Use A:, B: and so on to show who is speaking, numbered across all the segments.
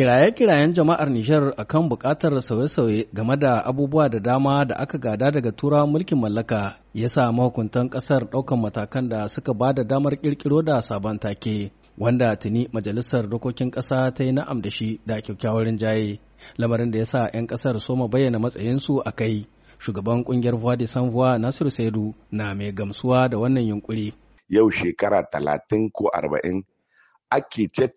A: Kiraye-kirayen jama'ar Nijar a kan bukatar sauye-sauye game da abubuwa da dama da aka gada daga tura mulkin mallaka ya sa mahukuntan ƙasar ɗaukan matakan da suka ba da damar ƙirƙiro da sabon take, wanda tuni Majalisar Dokokin Ƙasa ta yi na'am da shi da kyakkyawar jaye lamarin da ya sa 'yan ƙasar soma bayyana matsayinsu a kai. Shugaban ƙungiyar Voix de Nasiru Saidu na mai gamsuwa da wannan yunƙuri.
B: Yau shekara talatin ko arba'in ake ce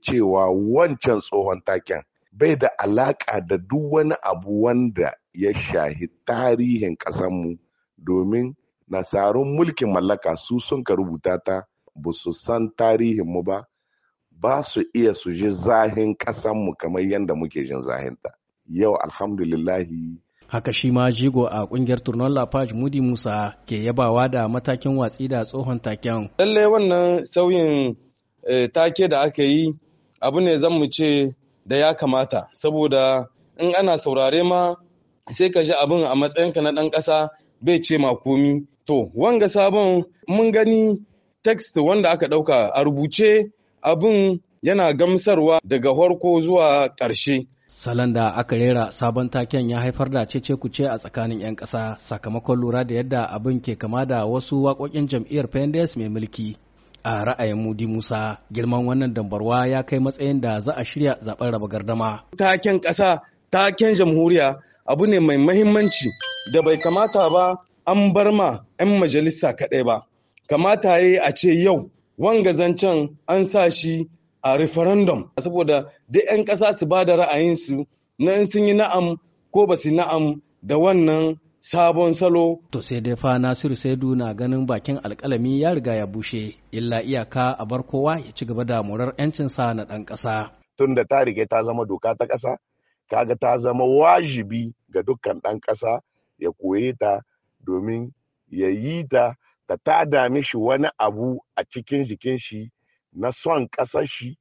B: cewa wancan tsohon taken bai da alaƙa da duk wani abu wanda ya shahi tarihin ƙasanmu domin nasarun mulkin mallaka su sun ka rubuta ta ba su san tarihinmu ba ba su iya su ji zahin ƙasanmu kamar yadda muke jin zahinta yau alhamdulillahi
A: haka shi ma jigo a kungiyar turnon lafaj mudi musa ke yabawa da matakin watsi da tsohon taken
C: lallai wannan sauyin Eh, take da aka yi abu ne zan mu ce da ya kamata saboda in ana saurare ma sai ka ji abin a matsayinka na ɗan ƙasa bai ce ma komi to wanga sabon mun gani text wanda aka ɗauka a rubuce abin yana gamsarwa daga harko zuwa ƙarshe
A: salon da aka rera sabon taken ya haifar da cece ce a tsakanin 'yan ƙasa sakamakon lura da yadda abin ke kama da wasu waƙoƙin jam'iyyar pendes mai mulki a ra'ayin mudi musa girman wannan dambarwa ya kai matsayin da za a shirya zaben raba gardama
C: taken ƙasa taken jamhuriya abu ne mai mahimmanci da bai kamata ba an bar ma 'yan majalisa kaɗai ba kamata ya a ce yau wanga zancen an sa shi a referendum saboda duk 'yan ƙasa su ba da ra'ayinsu na in sun yi na'am ko ba su na'am da
A: wannan sabon salo. To sai dai fa Nasiru Saidu na ganin bakin alkalami ya riga ya bushe, illa iyaka a bar kowa ya ci gaba da murar 'yancinsa na ɗan ƙasa.
B: Tunda ta rige ta zama doka ta ƙasa, kaga ta zama wajibi ga dukkan ɗan ƙasa ya koye ta domin ya yi ta ta ta dami shi wani abu a cikin jikin shi na son ƙasar shi,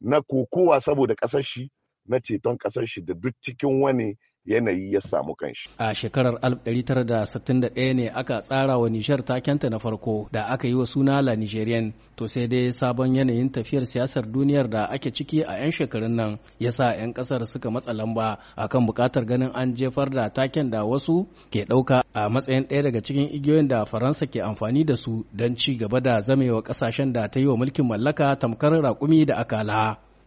B: na kokowa saboda ƙasar shi, na ceton ƙasar shi da duk cikin wani yanayi ya samu kanshi.
A: A shekarar 1961 ne aka tsara wa Nijar takenta na farko da aka yi wa suna La Nigerian to sai dai sabon yanayin tafiyar siyasar duniyar da ake ciki a 'yan shekarun nan ya sa 'yan kasar suka matsa lamba a kan bukatar ganin an jefar da taken da wasu ke ɗauka a matsayin ɗaya daga cikin igiyoyin da Faransa ke amfani da su don ci gaba da zamewa ƙasashen da ta yi wa mulkin mallaka tamkar raƙumi da akala.